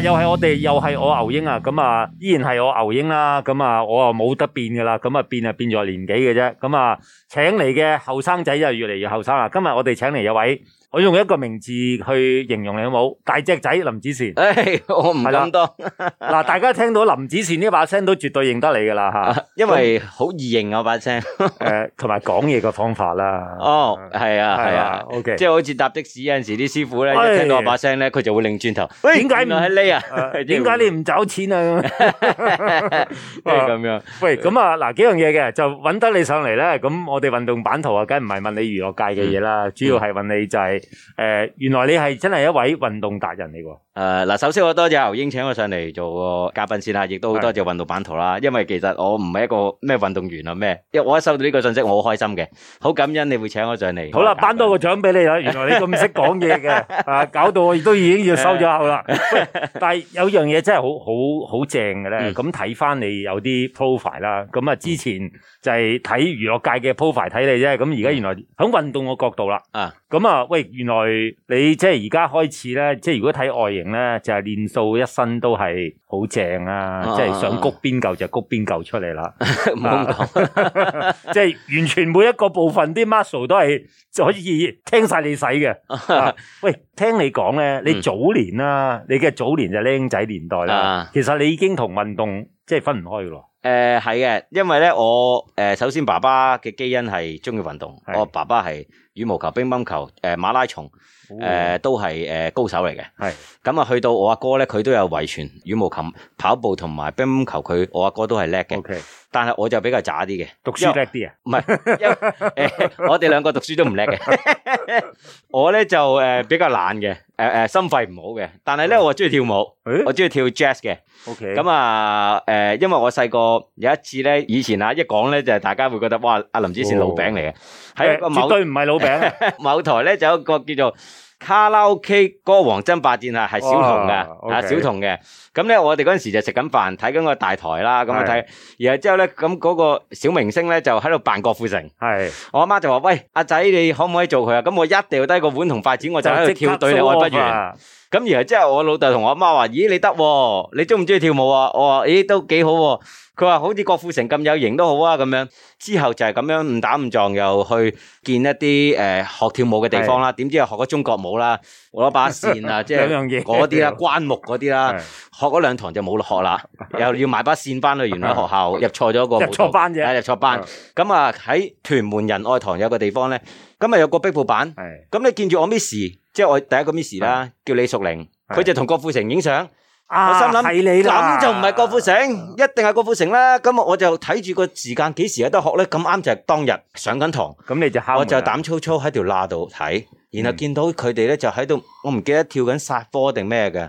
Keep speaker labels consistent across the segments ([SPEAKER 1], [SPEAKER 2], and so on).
[SPEAKER 1] 又係我哋，又係我牛英啊！咁啊，依然係我牛英啦。咁啊，我又冇得變噶啦。咁啊，變啊變咗年紀嘅啫。咁啊，請嚟嘅後生仔就越嚟越後生啦。今日我哋請嚟有位。我用一個名字去形容你好冇？大隻仔林子善。唉，我唔敢當。嗱，大家聽到林子善呢把聲都絕對認
[SPEAKER 2] 得你噶啦吓，因為好易認我把聲。誒，同埋講嘢嘅方法啦。哦，係啊，係啊，O K。即係好似搭的士有陣時啲師傅咧，一聽到我把聲咧，佢就會擰轉頭。喂，點解唔係你啊？點解你
[SPEAKER 1] 唔找錢啊？即係咁樣。喂，咁啊，嗱，幾樣嘢嘅，就揾得你上嚟咧。咁我哋運動版圖啊，梗唔係問你娛樂界嘅嘢啦，主要係問你就係。誒原來你係真係一位運動達人
[SPEAKER 2] 嚟㗎。誒嗱，首先我多謝牛英請我上嚟做個嘉賓先啦，亦都好多謝運動版圖啦。因為其實我唔係一個咩運動員啊咩，因為我一收到呢個信息，我好開心嘅，好感恩你會請我上嚟。好啦，
[SPEAKER 1] 頒多個獎俾你啦，原來你咁識講嘢嘅， 啊搞到我亦都已經要收咗口啦。但係有樣嘢真係好好好正嘅咧，咁睇翻你有啲 profile 啦，咁啊之前就係睇娛樂界嘅 profile 睇你啫，咁而家原來喺運動嘅角度啦，啊，咁啊喂，原來你即係而家開始咧，即係如果睇外形。咧就係練到一身都係好正啊！啊即係想谷邊嚿就谷邊嚿出嚟啦，冇即係完全每一個部分啲 muscle 都係可以聽晒你使嘅。啊啊、喂，聽你講咧，你早年啦，嗯、你嘅早年就僆仔年，年代啦，啊、其實你已經同運動即係分唔開噶
[SPEAKER 2] 咯、呃。誒，係嘅，因為咧我誒、呃，首先爸爸嘅基因係中意運動，係嘅我爸爸係羽毛球、乒乓球、誒、呃、馬拉松。誒，都係誒高手嚟嘅。係。咁啊，去到我阿哥咧，佢都有遺傳羽毛球、跑步同埋乒乓球，佢我阿哥都係叻嘅。O K。但係我就比較渣啲嘅。讀書叻啲啊？唔係。因為我哋兩個讀書都唔叻嘅。我咧就誒比較懶嘅，誒誒心肺唔好嘅。但係咧我中意跳舞，我中意跳 jazz 嘅。O K。咁啊，誒，因為我細個有一次咧，以前啊一講咧就係大家會覺得哇，阿林子善老餅嚟嘅。係絕對唔係老餅。某台咧就有一個叫做。卡拉 OK 歌王爭霸戰係係小童嘅，啊、OK、小童嘅，咁咧我哋嗰陣時就食緊飯睇緊個大台啦，咁啊睇，是然後之後咧咁嗰個小明星咧就喺度扮郭富城，係是我阿媽就話喂阿仔你可唔可以做佢啊？咁我一掉低個碗同筷子我就喺度跳對你愛不完。咁然後之後我老豆同我阿媽話，咦你得，你中唔中意跳舞啊？我話，咦都幾好、啊，佢話好似郭富城咁有型都好啊咁樣。之後就係咁樣誤打誤撞又去見一啲誒、呃、學跳舞嘅地方啦。點是的 知又學咗中國舞啦，攞把扇啊， 即係嗰樣嘢，嗰啲啦， 關木嗰啲啦，是的 學咗兩堂就冇學啦，又要買把扇翻去原來學校 入錯咗個入錯班入錯班。咁啊喺屯門仁愛堂有個地方咧，咁啊有個壁布板，咁是的 你見住我 miss。即係我第一個 miss 啦，叫李淑玲，佢是的 就同郭富城影相。是的 我心諗咁、啊、就唔係郭富城，一定係郭富城啦。今日我就睇住個時間，幾時喺度學咧？咁啱就係當日上緊堂。咁你就我就膽粗粗喺條罅度睇，然後見到佢哋咧就喺度，嗯、我唔記得跳緊殺科定咩嘅。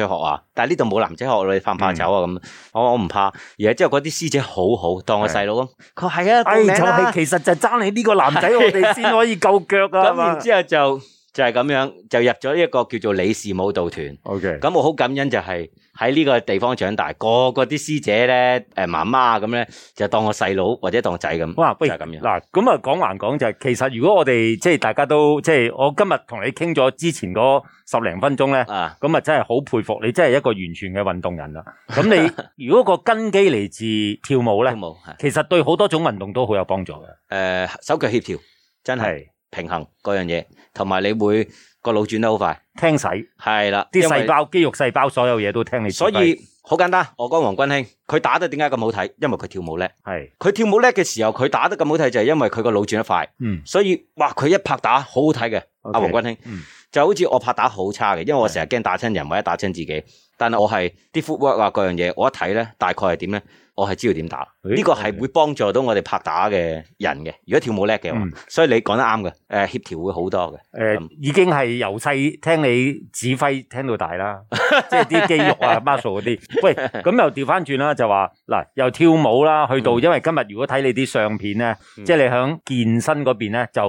[SPEAKER 2] 學啊！但係呢度冇男仔學，你怕唔怕醜啊？咁，我我唔怕。而係之後嗰啲師姐好好，當我細佬咁。
[SPEAKER 1] 佢係啊，啊哎，就係其實就爭你呢個男仔，我哋先可
[SPEAKER 2] 以夠腳啊，咁然之後就。就係咁樣，就入咗一個叫做李氏舞蹈團。OK，咁我好感恩就係喺呢個地方長大，個個啲師姐咧，誒，媽媽咁咧，就當我細佬或者當我仔咁。哇，不如係咁樣，嗱，咁啊，講還講就係，其實如果
[SPEAKER 1] 我哋即係大家都即係，我今日同你傾咗之前嗰十零分鐘咧，咁啊，真係好佩服你，真係一個完全嘅運動人啦。咁你 如果個根基嚟自
[SPEAKER 2] 跳舞咧，舞其實對好多種運動都好有幫助嘅。誒、呃，手腳協調，真係。平衡嗰樣嘢，同埋你會個腦轉得好快，聽使係啦，啲細胞、肌肉、細胞所有嘢都聽你。所以好簡單，我講黃君興，佢打得點解咁好睇？因為佢跳舞叻，係佢是跳舞叻嘅時候，佢打得咁好睇就係因為佢個腦轉得快。嗯，所以哇，佢一拍打好好睇嘅，阿 Okay, 黃君興，嗯，就好似我拍打好差嘅，因為我成日驚打親人是或者打親自己。但係我係啲 footwork 啊，嗰樣嘢我一睇咧，大概係點咧？我係知道點打，呢個係會幫助到我哋拍打嘅人嘅。如果跳舞叻嘅話，嗯、所以你講得啱嘅，誒協調會好多嘅。誒、嗯呃、已經係由細聽你指揮聽到大啦， 即係啲肌肉
[SPEAKER 1] 啊 muscle 嗰啲。喂，咁又掉返轉啦，就話嗱，又跳舞啦，去到因為今日如果睇你啲相片咧，嗯、即係你喺健身嗰邊咧就。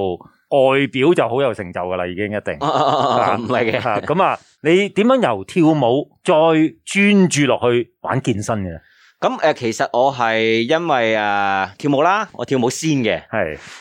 [SPEAKER 1] 外表就好有成就噶啦，已經一定，唔係嘅。咁啊，你點樣
[SPEAKER 2] 由跳舞再專注落去玩健身嘅？咁、呃、其實我係因為、呃、跳舞啦，我跳舞先嘅。咁啊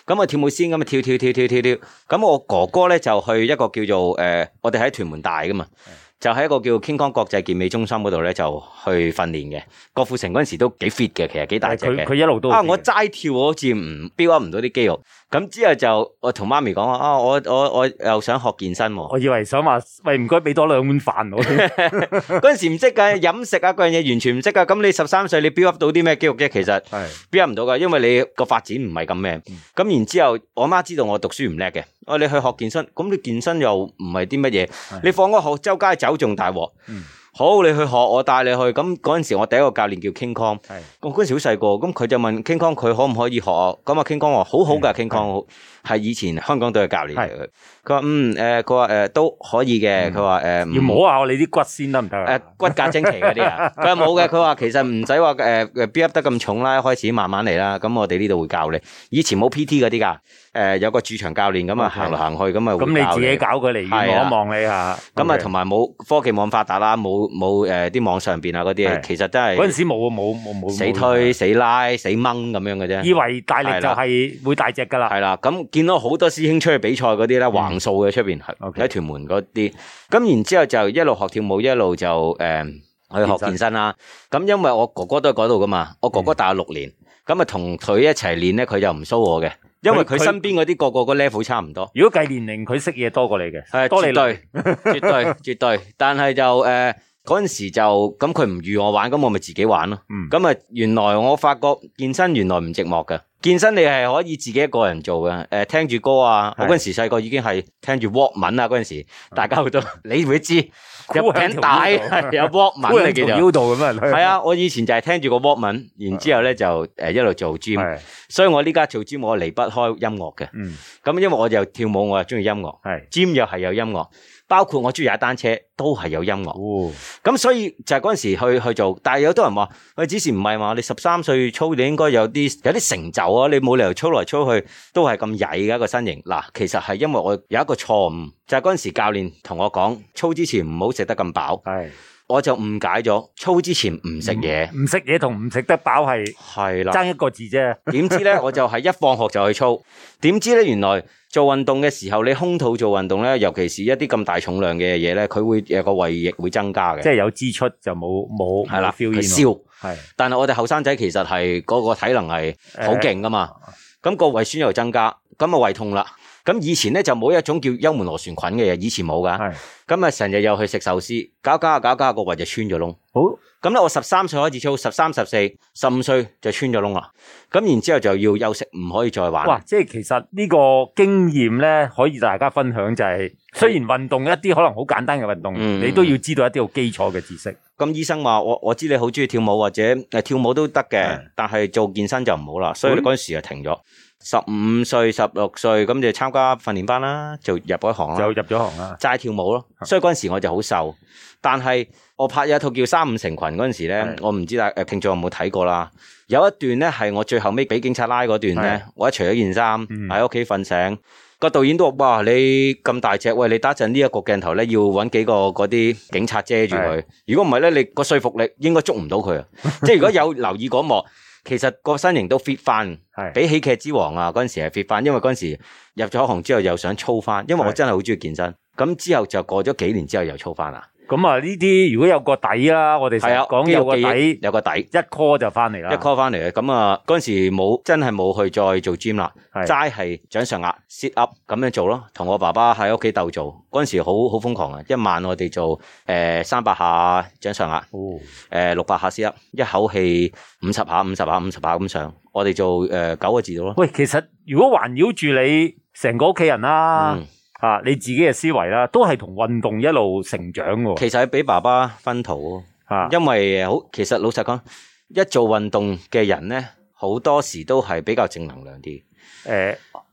[SPEAKER 2] 的，我跳舞先，咁啊跳跳跳跳跳跳。咁我哥哥咧就去一個叫做誒、呃，我哋喺屯門大噶嘛，的就喺一個叫做 King Kong 國際健美中心嗰度咧就去訓練嘅。郭富城嗰陣時都幾 fit 嘅，其實幾大隻嘅。佢佢一路都啊，我齋跳好似唔 build 唔到啲肌肉。咁之後就我同媽咪講話啊，我我我又想學健身、啊。我以為想話喂唔該俾多兩碗飯我。嗰 陣 時唔識噶飲食啊嗰樣嘢完全唔識噶。咁你十三歲你 build up 到啲咩肌肉啫？其實係 build 唔到噶，因為你個發展唔係咁咩。咁的然之後我媽知道我讀書唔叻嘅，我、嗯、你去學健身，咁你健身又唔係啲乜嘢？的你放個學周街走仲大鑊。嗯好，你去學，我帶你去。咁嗰陣時，我第一個教練叫 King Kong，我嗰陣時好細個，咁佢就問 King Kong，佢可唔可以學？咁啊 King Kong 話好好㗎的 King Kong。係以前香港隊嘅教練嚟，佢佢話，嗯，誒佢話，誒都可以嘅，佢話誒要摸下我哋啲骨先得唔得，誒骨骼精奇嗰啲啊，佢話冇嘅，佢話其實唔使話誒誒 build 得咁重啦，開始慢慢嚟啦，咁我哋呢度會教你。以前冇 PT 嗰啲噶，誒有個駐場教練咁啊行嚟行去咁啊，咁你自己搞佢嚟，望一望你下咁啊，同埋冇科技咁發達啦，冇冇誒啲網上邊啊嗰啲，其實真係嗰陣時
[SPEAKER 1] 冇冇冇死推
[SPEAKER 2] 死拉死掹咁樣嘅啫。以為大力就係會大隻噶啦，係啦咁。見到好多師兄出去比賽嗰啲咧，橫掃嘅出邊喺喺屯門嗰啲，咁然之後就一路學跳舞，一路就誒去、嗯、學健身啦。咁身因為我哥哥都喺嗰度噶嘛，我哥哥大我六年，咁啊同佢一齊練咧，佢就唔 show 我嘅，因為佢身邊嗰啲個個個 level 差唔多。如果計年齡，佢識嘢多過你嘅，係多你對，絕對絕對。絕對 但係就誒嗰陣時就咁，佢唔預我玩，咁我咪自己玩咯。咁啊、嗯，原來我發覺健身原來唔寂寞嘅。健身你係可以自己一個人做嘅，誒，聽住歌啊！是的 我嗰陣時細個已經係聽住 Walkman 啊，嗰陣時大家去到是的 你會知的，有條帶有 Walkman 嘅，叫做腰度咁樣。係啊的，是的 我以前就係聽住個 Walkman，然之後咧就誒一路做 gym，所以我呢家做 gym 我離不開音樂嘅。嗯，咁因為我就跳舞，我又中意音樂，係 gym 又係有音樂。包括我中意踩單車，都係有音樂。咁、哦、所以就係嗰陣時去去做，但係有多人話，佢之前唔係嘛？你十三歲操，你應該有啲有啲成就啊！你冇理由操來操去都係咁曳嘅一個身形。嗱，其實係因為我有一個錯誤，就係、是、嗰陣時教練同我講，操之前唔好食得咁飽。我就誤解咗，操之前唔食嘢，唔食嘢同唔食得飽係係啦，爭一個字啫。點知咧，我就係一放學就去操，點知咧原來做運動嘅時候，你空肚做運動咧，尤其是一啲咁大重量嘅嘢咧，佢會有個胃液會增加嘅，即係有支出就冇冇係啦，去燒係。但係我哋後生仔其實係嗰個體能係好勁噶嘛，咁個胃酸又增加，咁啊胃痛啦。咁以前咧就冇一種叫幽門螺旋菌嘅嘢，以前冇噶。係咁啊，成日又去食壽司，搞搞下搞搞個胃就穿咗窿。好咁咧，我十三歲開始操，十三、十四、十五歲就穿咗窿啦。咁然之後就要休息，唔可以再玩。哇！即係其實呢個
[SPEAKER 1] 經驗咧，可以大家分享就係，雖然運動一啲可能好簡單嘅運動，你都要知道
[SPEAKER 2] 一啲好基礎嘅知識。咁醫生話我，我知你好中意跳舞，或者誒跳舞都得嘅，但係做健身就唔好啦，所以嗰陣時就停咗。十五歲、十六歲咁就參加訓練班啦，就入咗行啦。就入咗行啦。齋跳舞咯，所以嗰陣時我就好瘦。但係我拍有一套叫《三五成群》嗰陣時咧，我唔知啦。誒，聽眾有冇睇過啦？有一段咧係我最後尾俾警察拉嗰段咧，我一除咗件衫喺屋企瞓醒，個導演都話：哇，你咁大隻，喂，你等一陣呢一個鏡頭咧，要搵幾個嗰啲警察遮住佢。如果唔係咧，你個說服力應該捉唔到佢啊。即係如果有留意嗰幕。其實個身形都 fit 翻，是的 比喜劇之王啊嗰陣時係 fit 翻，因為嗰陣時入咗行之後又想操翻，因為我真係好中意健身。咁之後就過咗幾年之後又操翻啦。咁啊呢啲如果有個底啦，的我哋成日講有個底，有個底一 call 就翻嚟啦。一 call 翻嚟嘅，咁啊嗰陣時冇真係冇去再做 gym 啦，齋係是的 掌上壓、sit up 咁樣做咯。同我爸爸喺屋企鬥做嗰陣時，好好瘋狂啊！一晚我哋做誒三百下掌上壓，誒六百下 sit up，一口氣五十下、五十下、五十下咁上。我哋做誒九、呃、個字到咯。喂，其實如果環繞住你成個屋企人啦、啊。嗯呃,你自己嘅思維,都係同運動一路成長喎。其實係俾爸爸薰陶喎。因為好,其實老實講,一做運動嘅人呢,好多時都係比較正能量啲。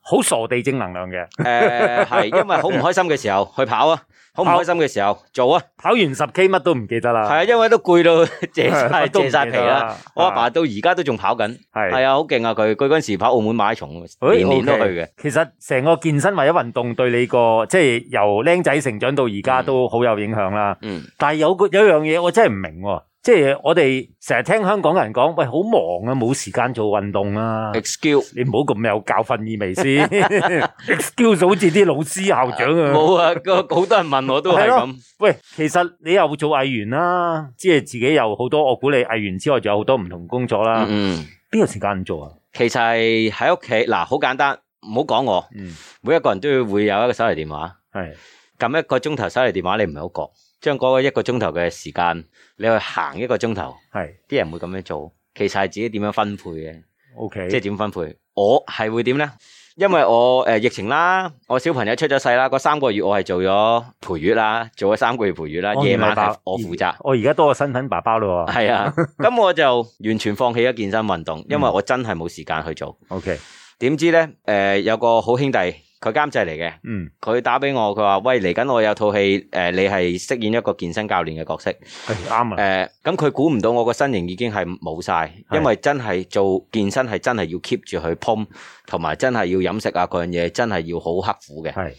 [SPEAKER 2] 好傻地正能量嘅，誒係，因為好唔開心嘅時候去跑啊，好唔開心嘅時候做啊，跑完十 K 乜都唔記得啦。係啊，因為都攰到謝晒謝晒皮啦。我阿爸到而家都仲跑緊，係係啊，好勁啊佢，佢嗰陣時跑澳門馬拉松，年年都去嘅。
[SPEAKER 1] 其實成個健身或者運動對你個即係由靚仔成長到而家都好有影響啦。嗯，但係有個有一樣嘢我真係唔明喎。即係我哋成日聽香港人講，喂，好忙啊，冇時間做運動啊。Excuse 你唔好咁有教訓意味先 ，excuse 好似啲老師校長啊。冇啊，個好、啊、多人問我都係咁。喂，其實你又做藝員啦、啊，即係自己又好多。我估你藝員之外，仲有好多唔同工作啦、啊。嗯，
[SPEAKER 2] 邊個時間做啊？其實喺屋企嗱，好簡單，唔好講我。嗯，每一個人都會有一個手提電話。係的，撳一個鐘頭手提電話你唔係好覺將嗰個一個鐘頭嘅時間，你去行一個鐘頭，係啲是人會咁樣做。其實係自己點樣分配嘅，O K，即係點分配。我係會點咧？因為我誒疫情啦，我小朋友出咗世啦，嗰三個月我係做咗陪月啦，做咗三個月陪月啦，夜晚我負責，
[SPEAKER 1] 我而家多個身份爸爸咯。係
[SPEAKER 2] 啊，咁 我就完全放棄咗健身運動，因為我真係冇時間去做。O K，點知咧？誒、呃，有個好兄弟。佢監製嚟嘅，佢打俾我，佢話，喂，嚟緊我有套戲，誒你係飾演一個健身教練嘅角色，係啱啦。誒咁佢估唔到我個身形已經係冇晒，因為真係做健身係真係要 keep 住去泵，同埋真係要飲食啊嗰樣嘢，真係要好刻苦嘅。係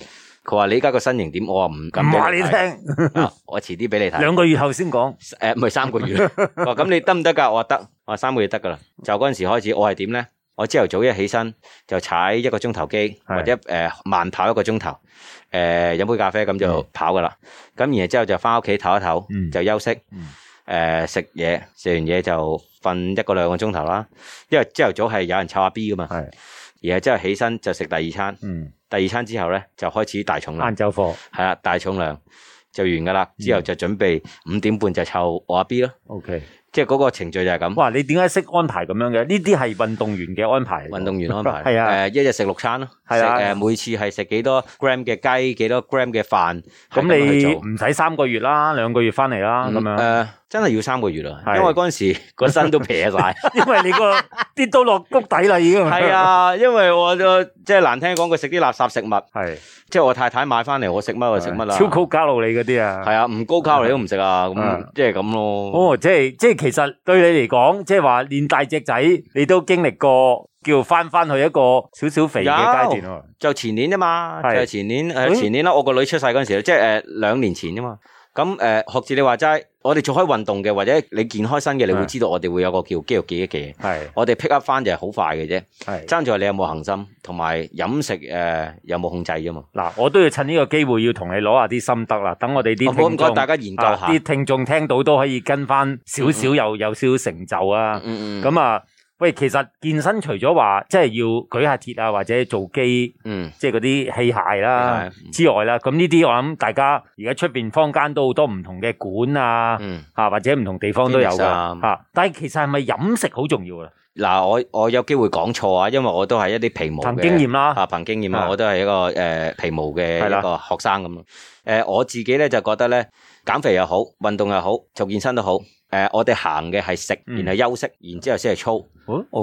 [SPEAKER 2] 佢話你而家個身形點？我話唔敢。唔話你聽啊，我遲啲俾你睇。兩個月後先講，誒唔係三個月。佢話咁你得唔得噶？我話得，我話三個月得噶啦。就嗰陣時開始，我係點咧？我朝頭早一起身就踩一個鐘頭機，或者誒、呃、慢跑一個鐘頭，誒、呃、飲杯咖啡咁就跑噶啦。咁的然後之後就翻屋企唞一唞，就休息，誒食嘢，食、嗯呃、完嘢就瞓一個兩個鐘頭啦。因為朝頭早係有人湊阿 B 噶嘛，然後之後起身就食第二餐，嗯、第二餐之後咧就開始大重量，晏晝課係啦，大重量就完噶啦。之後就準備五點半就湊我阿 B 咯、嗯。OK。即係嗰個程序就係咁。哇，你點解識安排咁樣嘅？呢啲係運動員嘅安排，運動員安排。係啊，誒，一日食六餐咯，係啊，誒，每次係食幾多 gram 嘅雞，幾多 gram 嘅飯。咁你唔使三個月啦，兩個月翻嚟啦，咁樣。誒，真係要三個月啦，因為嗰陣時個身都撇晒，
[SPEAKER 1] 因為你個跌到落谷底啦，已經。係啊，
[SPEAKER 2] 因為我就即係難聽講，佢食啲垃圾食物，係，即係我太太買翻嚟，我食乜就食乜啦。超高卡路里嗰啲啊，係啊，唔高卡路里都唔食啊，咁即係咁咯。
[SPEAKER 1] 哦，即係即係。其實對你嚟講，即係話練大隻仔，你都經歷過叫翻翻去一個少少肥嘅階段。
[SPEAKER 2] 就前年啫嘛，就前年誒，是的 就前年啦，前年哎，我個女出世嗰陣時，即係誒兩年前啫嘛。咁誒，學字、呃、你話齋，我哋做開運動嘅，或者你健開身嘅，是的 你會知道我哋會有一個叫肌肉記憶嘅嘢。係是的，我哋 pick up 翻就係好快嘅啫。係，爭在你有冇恒心，同埋飲食誒、呃、有冇控制啫嘛。嗱，我都
[SPEAKER 1] 要趁呢個機會要同你攞下啲心得啦。等我哋啲聽眾大家研究下、啊，啲聽眾聽到都可以跟翻少少，有有少少成就啊。嗯嗯，嗯。咁啊。喂，其實健身除咗話即係要舉下鐵啊，或者做機，嗯，即係嗰啲器械啦之外啦，咁呢啲我諗大家而家出面坊間都好多唔同嘅館
[SPEAKER 2] 啊，嗯，嚇或者唔同地方都有㗎嚇。
[SPEAKER 1] 但係其實係咪飲食好重要啊？
[SPEAKER 2] 嗱，我我有機會講錯啊，因為我都係一啲皮毛嘅，憑經驗啦，嚇憑經驗啊，我都係一個誒皮毛嘅一個學生咁咯。我自己咧就覺得咧，減肥又好，運動又好，做健身都好。誒我哋行嘅係食，然後休息，然之後先係操。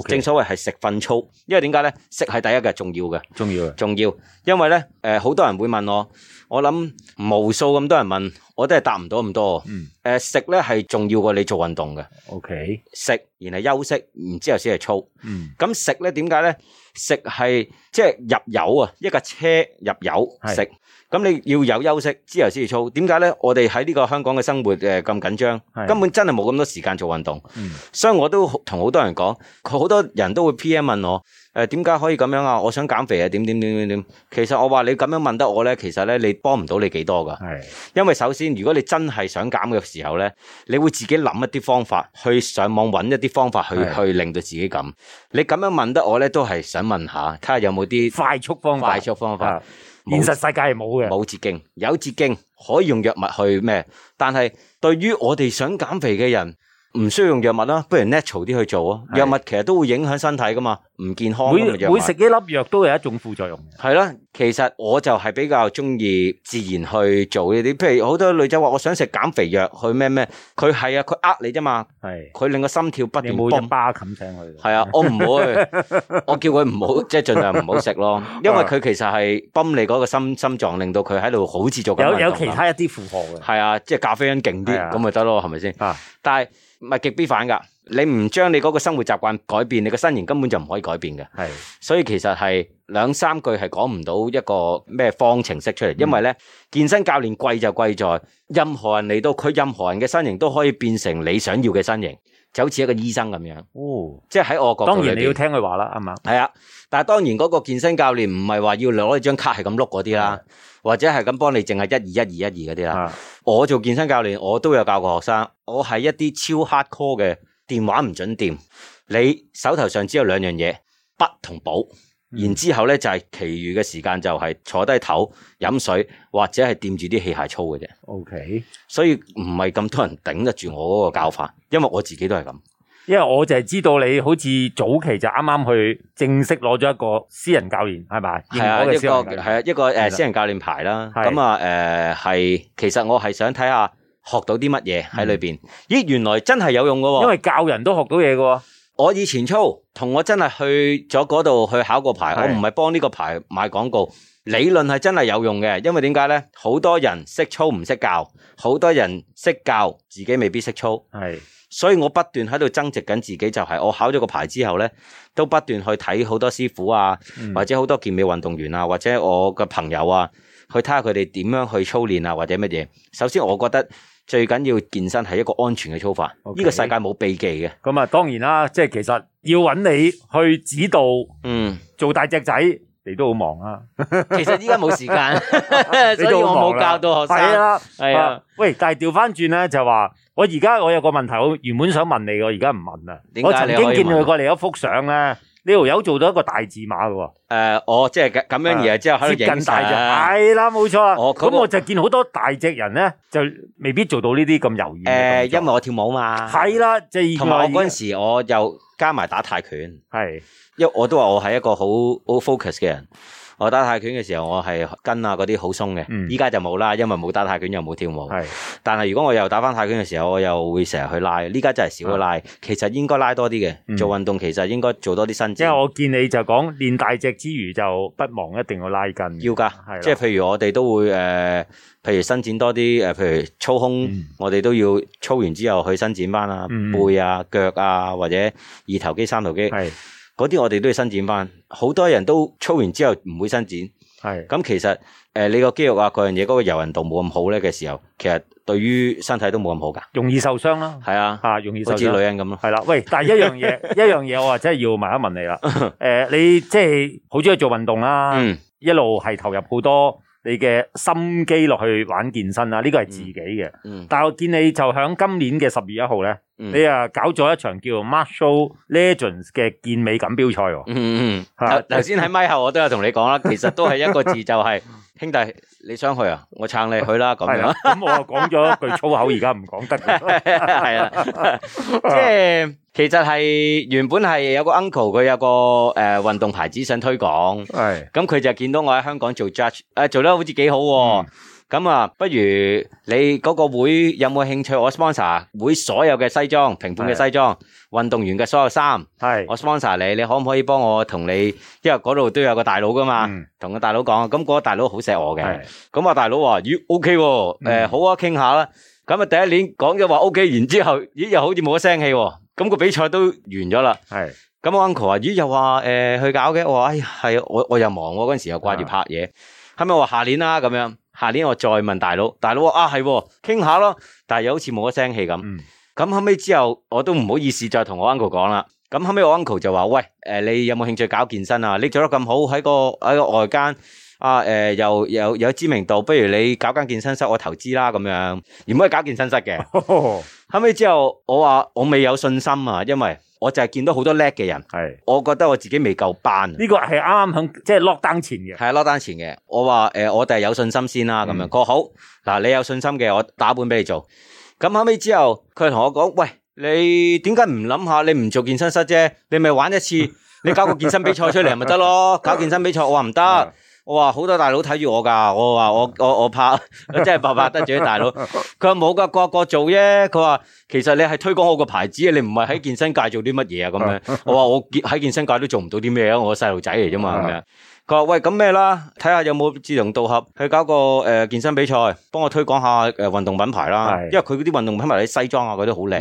[SPEAKER 2] 正所謂係食瞓操，因為點解咧？食係第一個，重要嘅，重要嘅，重要。因為咧，誒，好多人會問我，我諗無數咁多人問，我都係答唔到咁多。嗯，誒，食咧係重要過你做運動嘅。O K，食然後休息，然之後先係操。嗯，咁食咧點解咧？食係即係入油啊，一架車入油食。咁你要有休息，之後先至操。點解咧？我哋喺呢個香港嘅生活誒，咁緊張，是的 根本真係冇咁多時間做運動。嗯、所以我都同好多人講，好多人都會 P.M. 問我誒，點解可以咁樣啊？我想減肥啊，點點點點點。其實我話你咁樣問得我咧，其實咧你幫唔到你幾多噶。係，是的 因為首先，如果你真係想減嘅時候咧，你會自己諗一啲方法，去上網搵一啲方法去是的 去令到自己咁。你咁樣問得我咧，都係想問下，睇下有冇啲快速方法。現實世界係冇嘅，冇捷徑，有捷徑可以用藥物去咩？但係對於我哋想減肥嘅人，唔需要用藥物啦，不如 natural 啲去做啊！藥物其實都會影響身體㗎嘛，唔健康。每，每食一粒藥都有一種副作用。係啦。其實我就係比較中意自然去做呢啲，譬如好多女仔話我想食減肥藥去咩咩，佢係啊佢呃你啫嘛，係佢是令個心跳不斷。你冇一巴冚醒佢。係啊，我唔會， 我叫佢唔好，即係盡量唔好食咯，因為佢其實係崩你嗰個心心臟令有，令到佢喺度好持續有有其他一啲輔助嘅。係啊，即係咖啡因勁啲咁咪得咯，係咪先？是啊、但係唔係極必反㗎。你唔將你嗰個生活習慣改變，你個身形根本就唔可以改變嘅。係，是的 所以其實係兩三句係講唔到一個咩方程式出嚟，嗯、因為咧健身教練貴就貴在任何人嚟到佢，任何人嘅身形都可以變成你想要嘅身形，就好似一個醫生咁樣。哦，即係喺我角度當然你要聽佢話啦，係咪、嗯吧？係啊，但係當然嗰個健身教練唔係話要攞你張卡係咁碌嗰啲啦，是的 或者係咁幫你淨係一二一二一二嗰啲啦。是的 我做健身教練，我都有教過學生，我係一啲超 hard core 嘅。電話唔准掂，你手頭上只有兩樣嘢，筆同簿，然之後咧就係其餘嘅時間就係坐低唞、飲水或者係掂住啲器械操嘅啫。O Okay . K，所以唔係咁多人頂得住我嗰個教法，因為我自己都係咁。
[SPEAKER 1] 因為我就係知道你好似早
[SPEAKER 2] 期就啱啱去正式攞咗一個
[SPEAKER 1] 私人教練係咪？係啊，一個係啊，一
[SPEAKER 2] 個誒的私人教練牌啦。咁啊，誒、呃、係，其實我係想睇下。學到啲乜嘢喺裏邊？咦，原來真係有用噶啊，因為教人都學到嘢噶。我以前操同我真係去咗嗰度去考個牌，我唔係幫呢個牌買廣告。理論係真係有用嘅，因為點解咧？好多人識操唔識教，好多人識教自己，自己未必識操。係，所以我不斷喺度增值緊自己，就係我考咗個牌之後咧，都不斷去睇好多師傅啊，或者好多健美運動員啊，或者我嘅朋友啊，去睇下佢哋點樣去操練啊，或者乜嘢。首先我覺得。最緊要是健身係一個安全嘅操法，呢 Okay 個世界冇秘技嘅。咁啊、嗯，當然啦，即係其實要揾
[SPEAKER 1] 你去指導，嗯，做大隻仔，你都好忙啊。 其實依家冇時間， 啊、 所以我冇教到學生。啊，係啊。啊喂，但係調翻轉咧，就話我而家我有個問題，我原本想問你，我而家唔問啦。我曾經你見佢過嚟一幅相咧。呢條友做到一個大字馬嘅
[SPEAKER 2] 喎，誒，我即係
[SPEAKER 1] 咁樣嘢，啊，之後可以大隻，係啦，冇錯。我咁，那個，我就見好多大隻人咧，就未必做到呢啲咁柔
[SPEAKER 2] 軟，呃，嘅因為我跳舞嘛，嗯，係啦，即係同埋我嗰陣時，我又加埋打泰拳，係，是的 因為我都話我係一個好好 focus 嘅人。我打泰拳嘅時候，我係筋啊嗰啲好鬆嘅，依家就冇啦，因為冇打泰拳又冇跳舞。係，是的 但係如果我又打翻泰拳嘅時候，我又會成日去拉。呢家真係少去拉，是的 其實應該拉多啲嘅。嗯、做運動其實應該做多啲伸展。即係我見你就講練大隻之餘，就不忘一定要拉筋。要噶的，是的 即係譬如我哋都會誒、呃，譬如伸展多啲誒，譬如操胸，嗯、我哋都要操完之後去伸展翻啊、嗯、背啊腳啊或者二頭肌三頭肌。嗰啲我哋都要伸展翻，好多人都操完之後唔會伸展。係咁是的 其實誒你個肌肉啊各樣嘢嗰個柔韌度冇咁好咧嘅時候，其實對於身體都冇咁好噶，容易受傷啦，係啊的，容易好似女人咁咯，係啦，喂，但係一樣嘢 一樣嘢我
[SPEAKER 1] 話真係要問一問你啦，誒 你即係好中意做運動啦，嗯、一路係投入好多你嘅心機落去玩健身啊，呢個係自己嘅、嗯，嗯，但係我見你就喺今年嘅十月一號咧。你啊，搞咗一場叫 Marshall Legends 嘅健美錦標賽喎。頭頭先喺咪後我
[SPEAKER 2] 都有同你講啦，其實都係一個字，就係兄弟你想去啊，我撐你去啦咁樣。咁我啊講咗一句粗口，而家唔講得。
[SPEAKER 1] 係啊，
[SPEAKER 2] 即係其實係原本係有個 uncle，佢有個誒運動牌子想推廣。係。咁佢就見到我喺香港做 judge，誒做得好似幾好。咁啊，不如你嗰個會有冇興趣？我 sponsor 會所有嘅西裝，評判嘅西裝，運是的 動員嘅所有衫，係是的 我 sponsor 你，你可唔可以幫我同你，因為嗰度都有個大佬㗎嘛，同、嗯、個大佬講，咁、那、嗰個大佬好錫我嘅，咁啊是的 大佬話咦 OK，誒、哦嗯呃、好啊，傾下啦，咁啊第一年講咗話 OK，然之後咦又好似冇咗聲氣、哦，咁、那個比賽都完咗啦，係是的，咁 uncle 話咦又話誒、呃、去搞嘅，我話哎係，我我又忙、啊，嗰陣時又掛住拍嘢，嗯、後尾我話下年啦咁樣。下年我再問大佬，大佬話啊係，傾下咯，但係又好似冇乜聲氣咁。咁、嗯、後尾之後，我都唔好意思再同我 uncle 講啦。咁後尾我 uncle 就話：喂，誒，你有冇興趣搞健身啊？你做得咁好，喺個喺個外間啊，誒、呃，又有有，有知名度，不如你搞間健身室，我投資啦咁樣。而唔可以搞健身室嘅。
[SPEAKER 1] 呵
[SPEAKER 2] 呵後尾之後，我話我未有信心啊，因為。我就係見到好多叻嘅人，係的，我覺得我自己未夠班。呢個係啱啱響即係落單前嘅，係落單前嘅。我話誒、呃，我哋係有信心先啦、啊，咁樣、嗯。佢話好嗱，你有信心嘅，我打本俾你做。咁後尾之後，佢同我講，喂，你點解唔諗下？你唔做健身室啫，你咪玩一次，你搞個健身比賽出嚟咪得咯？ 搞健身比賽，我話唔得。我話好多大佬睇住我噶，我話我我我怕，我真係白白得罪大佬。佢話冇噶，個個做啫。佢話其實你係推廣我個牌子，你唔係喺健身界做啲乜嘢啊？咁樣，我話我喺健身界都做唔到啲咩啊？我細路仔嚟啫嘛，咁佢話喂，咁咩啦？睇下有冇志同道合，去搞個誒健身比賽，幫我推廣下誒運動品牌啦。是的 因為佢嗰啲運動品牌啲西裝啊，嗰啲好靚。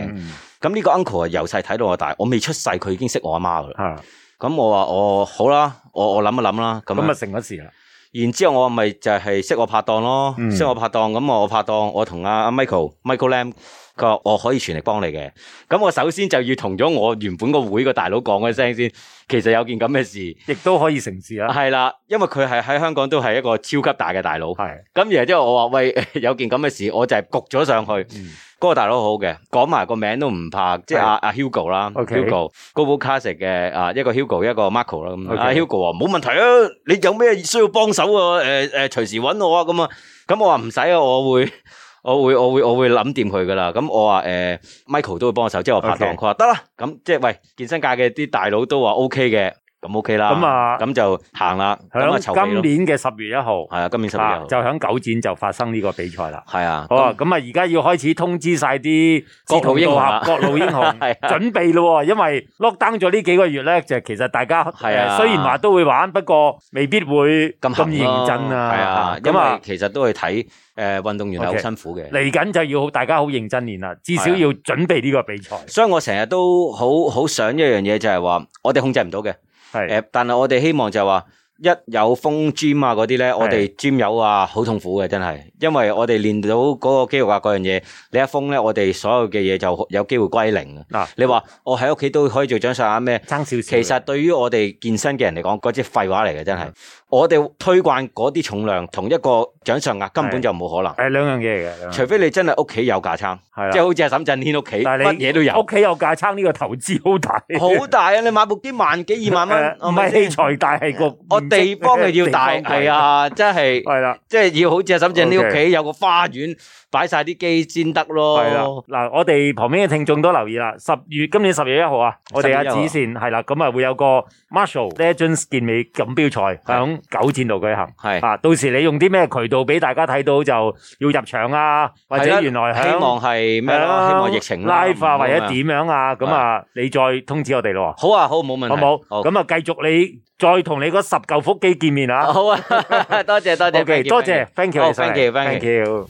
[SPEAKER 2] 咁呢個 uncle 啊，由細睇到我大，我未出世，佢已經識我阿媽啦。咁是的 我話我好啦。我我諗一諗啦，咁咁咪成咗事啦。然之後我咪就係識我拍檔咯，嗯、識我拍檔，咁我拍檔，我同阿 Michael、Michael Lam，b 佢話我可以全力幫你嘅。咁我首先就要同咗我原本個會個大佬講一聲先。其實有件咁嘅事，亦都可以成事啦。係啦，因為佢係喺香港都係一個超級大嘅大佬。係的。咁然之後我話喂，有件咁嘅事，我就係焗咗上去。嗯嗰個大佬好嘅，講埋個名都唔怕，即係阿阿 Hugo 啦 Hugo，Gobukasik 嘅啊，一個 Hugo，一個 Michael 啦、啊，咁阿 Okay.、啊、Hugo 話冇問題啊，你有咩需要幫手啊？誒、呃、誒，隨、呃、時搵我啊，咁啊，咁我話唔使啊，我會，我會，我會，我會諗掂佢噶啦，咁我話誒、呃、，Michael 都會幫手，即、就、係、是、我拍檔，佢話得啦，咁即係喂健身界嘅啲大佬都話 OK 嘅。咁 OK 啦，咁啊，咁就行啦。喺今年
[SPEAKER 1] 嘅十月一號，係啊，今年十月一號就喺九展就發生呢個比賽啦。係啊，好啊，咁啊，而家要開始通知晒啲各路英雄、各路英雄準備咯，因為 lock down 咗呢幾個月咧，就其實大家係啊，雖然話都會玩，不過未必會咁咁認真啊。係啊，因為其
[SPEAKER 2] 實都係睇誒運動員係好辛苦嘅。嚟
[SPEAKER 1] 緊就要大家好認真練啦，
[SPEAKER 2] 至少要準
[SPEAKER 1] 備呢個比賽。
[SPEAKER 2] 所以我成日都好好想一樣嘢，就係話我哋控制唔到嘅。係，是但係我哋希望就話，一有封 gym 啊嗰啲咧，是我哋 gym 友啊好痛苦嘅真係，因為我哋練到嗰個肌肉啊嗰樣嘢，你一封咧，我哋所有嘅嘢就有機會歸零、啊、你話我喺屋企都可以做掌上壓咩？爭少少。其實對於我哋健身嘅人嚟講，嗰只廢話嚟嘅真係。嗯我哋推慣嗰啲重量同一個掌上壓根本就冇可能，係兩樣嘢嚟嘅。除非你真係屋企有架撐，即係好似阿沈振軒屋企乜嘢都有，屋
[SPEAKER 1] 企有架撐呢個投資好大，好大啊！你買部機萬幾二萬蚊，唔係器材大係個，我地方係要大，係啊，
[SPEAKER 2] 真係，係啦，即係要好似阿沈振軒屋企有個花園擺晒啲機先得咯。係
[SPEAKER 1] 嗱，我哋旁邊嘅聽眾都留意啦，十月今年十月一號啊，我哋嘅子善係啦，咁啊會有個 Marshall Legends 健美錦標賽九展度舉行，係啊，到時你用啲咩渠道俾大家睇到，就要入場啊，或者原來希望係咩咯？希望疫情拉翻，或者點樣啊？咁啊，你再通知我哋咯。好啊，好，冇問題，好冇。咁啊，繼續你再同你嗰十嚿腹肌見面啊！好
[SPEAKER 2] 啊，多謝多謝，OK，多謝，thank you，thank you，thank you。